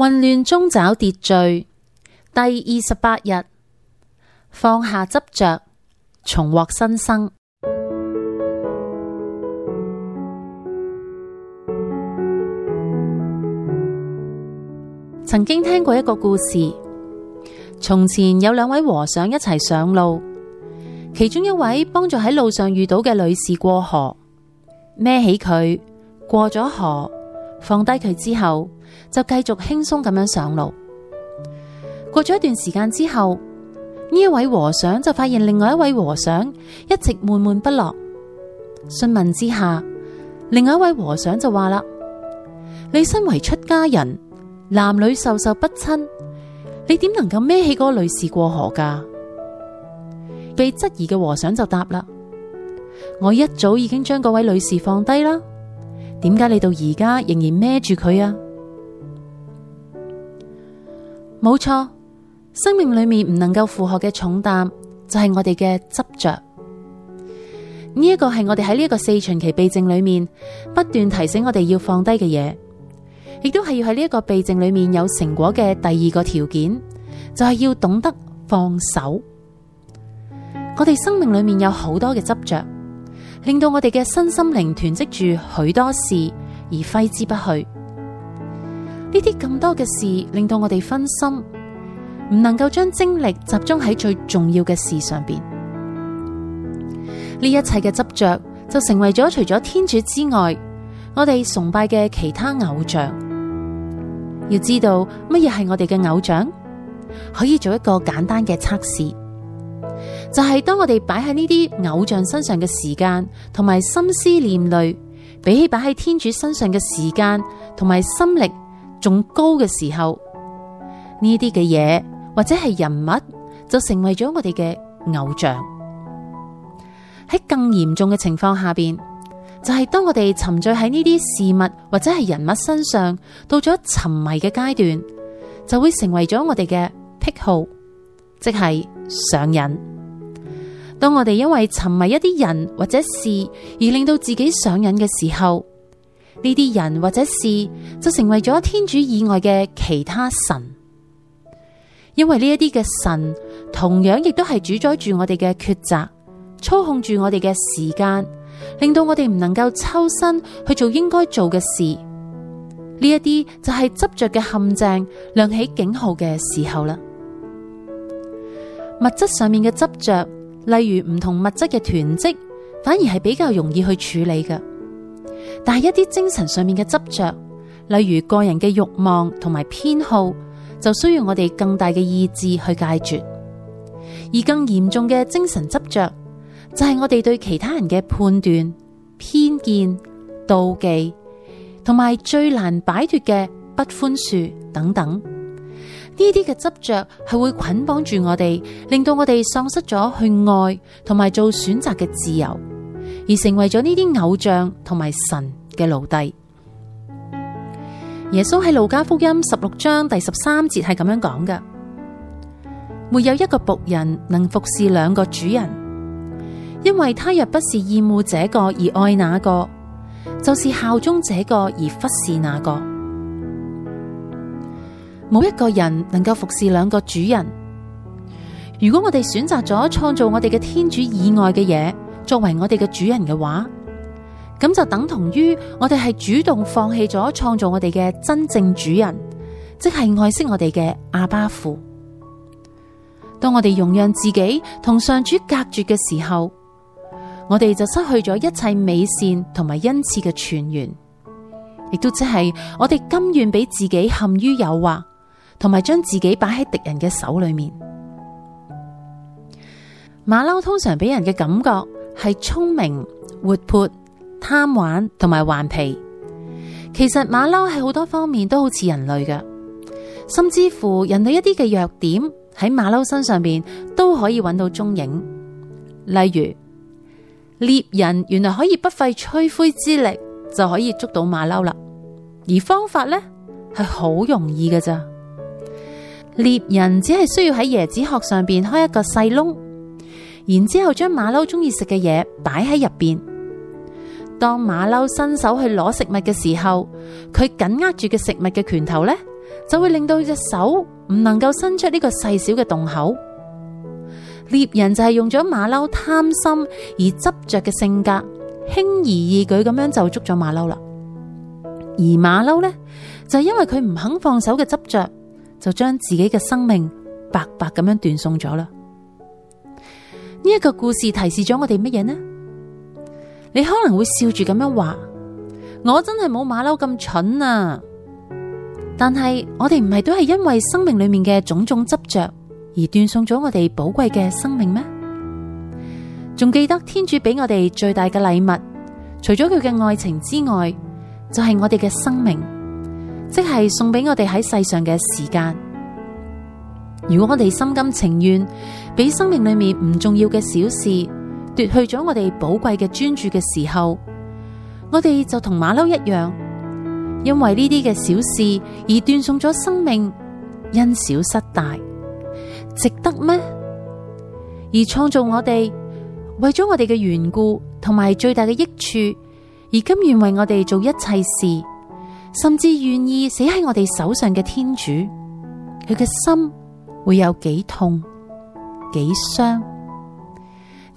混亂中找秩序，第二十八日，放下執着，重獲新生。曾經聽過一個故事，從前有兩位和尚一齊上路，其中一位幫助喺路上遇到嘅女士過河，孭起佢過咗河。放低佢之後，就繼續輕鬆咁樣上路。過咗一段時間之後，呢一位和尚就發現另外一位和尚一直悶悶不樂。詢問之下，另外一位和尚就話啦：「你身為出家人，男女授受不親，你點能夠孭起嗰個女士過河噶？」被質疑嘅和尚就答啦：「我一早已經將嗰位女士放低啦。點解你到而家仍然孭住佢啊？冇錯，生命裏面唔能夠負荷嘅重擔，就係我哋嘅執着。呢一個係我哋喺呢一個四旬期避靜裏面，不斷提醒我哋要放低嘅嘢，亦都係要喺呢一個避靜裏面有成果嘅第二個條件，就係要懂得放手。我哋生命裏面有好多嘅執着。令到我哋嘅身心靈囤積住許多事而揮之不去，呢啲咁多嘅事令到我哋分心，唔能夠將精力集中喺最重要嘅事上邊。呢一切嘅執着就成為咗除咗天主之外，我哋崇拜嘅其他偶像。要知道乜嘢係我哋嘅偶像，可以做一個簡單嘅測試。就係當我哋擺喺呢啲偶像身上嘅時間同埋心思念慮，比起擺喺天主身上嘅時間同埋心力仲高嘅時候，呢啲嘅嘢或者係人物就成為咗我哋嘅偶像。喺更嚴重嘅情況下邊，就係當我哋沉醉喺呢啲事物或者係人物身上，到咗沉迷嘅階段，就會成為咗我哋嘅癖好，即係。上癮。當我哋因為沉迷一啲人或者事而令到自己上癮嘅時候，呢啲人或者事就成為咗天主以外嘅其他神。因為呢一啲嘅神同樣亦都係主宰住我哋嘅抉擇，操控住我哋嘅時間，令到我哋唔能夠抽身去做應該做嘅事。呢一啲就係執着嘅陷阱，亮起警號嘅時候啦。物質上面嘅執着，例如唔同物質嘅囤積，反而係比較容易去處理嘅。但係一啲精神上面嘅執着，例如個人嘅慾望同埋偏好，就需要我哋更大嘅意志去戒絕。而更嚴重嘅精神執着，就係我哋對其他人嘅判斷、偏見、妒忌，同埋最難擺脫嘅不寬恕等等。呢啲嘅執着係會捆綁住我哋，令到我哋喪失咗去愛同埋做選擇嘅自由，而成為咗呢啲偶像同埋神嘅奴隸。耶穌喺路加福音十六章第十三節係咁樣講嘅：「沒有一個僕人能服侍兩個主人，因為他若不是厭惡這個而愛那個，就是效忠這個而忽視那個。冇一個人能夠服侍兩個主人。如果我哋選擇咗創造我哋嘅天主以外嘅嘢，作為我哋嘅主人嘅話，咁就等同於我哋係主動放棄咗創造我哋嘅真正主人，即係愛惜我哋嘅阿爸父。當我哋容讓自己同上主隔絕嘅時候，我哋就失去咗一切美善同埋恩賜嘅泉源，亦都即係我哋甘願俾自己陷於誘惑。同埋將自己擺喺敵人嘅手裏面。馬騮通常俾人嘅感覺係聰明活潑、貪玩同埋頑皮。其實馬騮喺好多方面都好似人類嘅，甚至乎人類一啲嘅弱點喺馬騮身上邊都可以揾到蹤影。例如獵人原來可以不費吹灰之力，就可以捉到馬騮啦，而方法呢係好容易㗎咋。獵人只係需要喺椰子殼上邊開一個細窿，然之後將馬騮中意食嘅嘢擺喺入邊。當馬騮伸手去攞食物嘅時候，佢緊握住嘅食物嘅拳頭呢，就會令到隻手唔能夠伸出呢個細小嘅洞口。獵人就係用咗馬騮貪心而執着嘅性格，輕而易舉咁樣就捉咗馬騮啦。而馬騮呢，就係因為佢唔肯放手嘅執着。就將自己嘅生命白白咁樣斷送咗啦！呢一個故事提示咗我哋乜嘢呢？你可能會笑住咁樣話：我真係冇馬騮咁蠢啊！但係我哋唔係都係因為生命裏面嘅種種執着而斷送咗我哋寶貴嘅生命咩？仲記得天主俾我哋最大嘅禮物，除咗佢嘅愛情之外，就係我哋嘅生命。即係送俾我哋喺世上嘅時間。如果我哋心甘情願俾生命裏面唔重要嘅小事奪去咗我哋寶貴嘅專注嘅時候，我哋就同馬騮一樣，因為呢啲嘅小事而斷送咗生命，因小失大，值得咩？而創造我哋，為咗我哋嘅緣故同埋最大嘅益處，而甘願為我哋做一切事。甚至願意死喺我哋手上嘅天主，佢嘅心會有幾痛幾傷？呢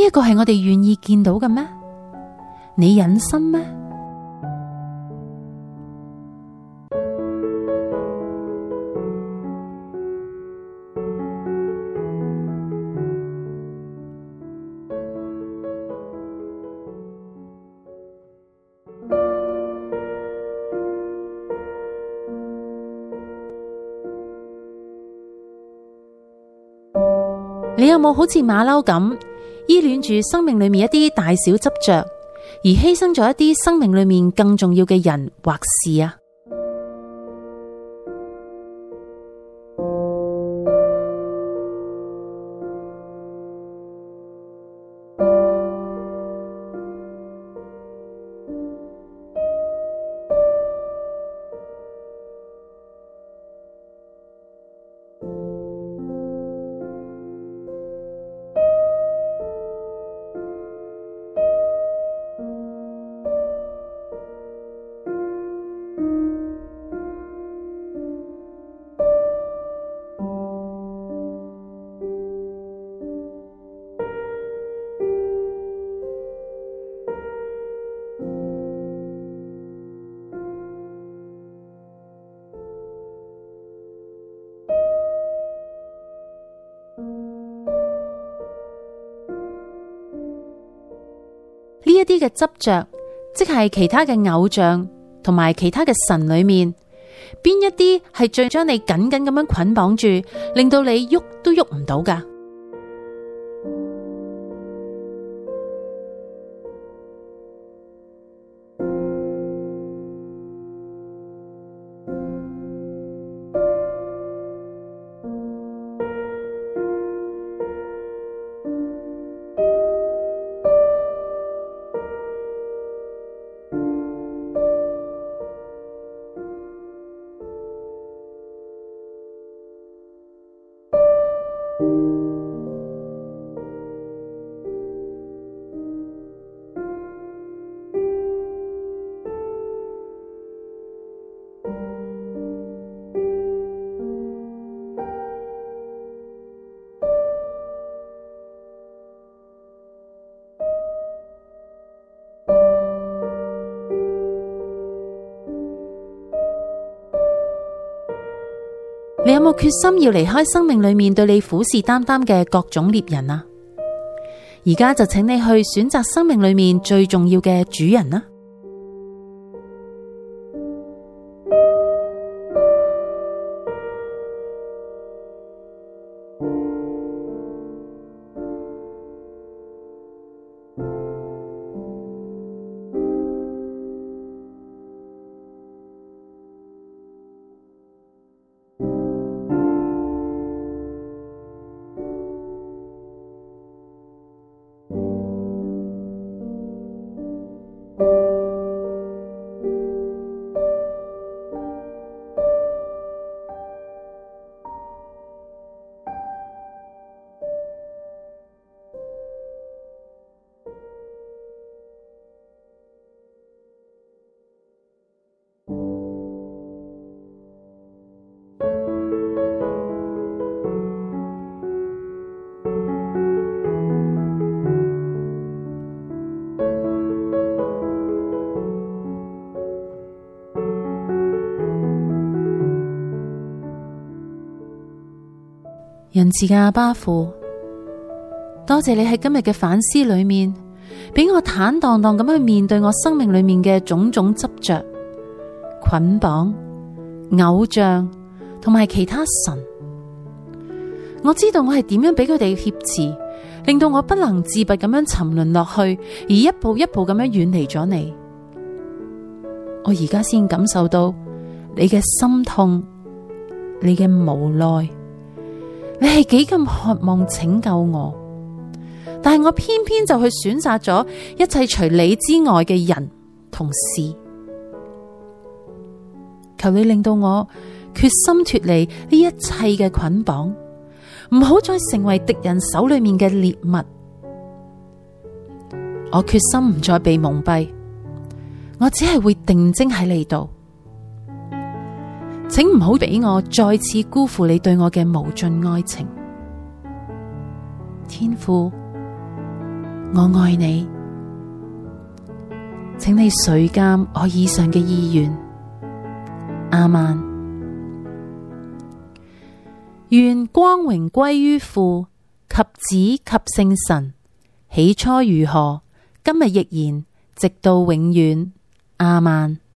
一個係我哋願意見到嘅咩？你忍心咩？你有冇好似馬騮咁依戀住生命裏面一啲大小執着，而犧牲咗一啲生命裏面更重要嘅人或事啊？啲嘅執着，即係其他嘅偶像，同埋其他嘅神裏面，邊一啲係最將你緊緊咁樣捆綁住，令到你喐都喐唔到㗎？有冇決心要離開生命裏面對你虎視眈眈嘅各種獵人啊？而家就請你去選擇生命裏面最重要嘅主人啦，啊。仁慈嘅阿爸父，多謝你喺今日嘅反思裏面，俾我坦蕩蕩咁去面對我生命裏面嘅種種執着、捆綁、偶像同埋其他神。我知道我係點樣俾佢哋挾持，令到我不能自拔咁樣沉淪落去，而一步一步咁樣遠離咗你。我而家先感受到你嘅心痛，你嘅無奈。你係幾咁渴望拯救我，但係我偏偏就去選擇咗一切除你之外嘅人同事。求你令到我決心脫離呢一切嘅捆綁，唔好再成為敵人手裏面嘅獵物。我決心唔再被蒙蔽，我只係會定睛喺你度。請唔好俾我再次辜負你對我嘅無盡愛情。天父，我愛你，請你垂鑒我以上嘅意願。亞孟，願光榮歸於父及子及聖神，起初如何，今日亦然，直到永遠。亞孟。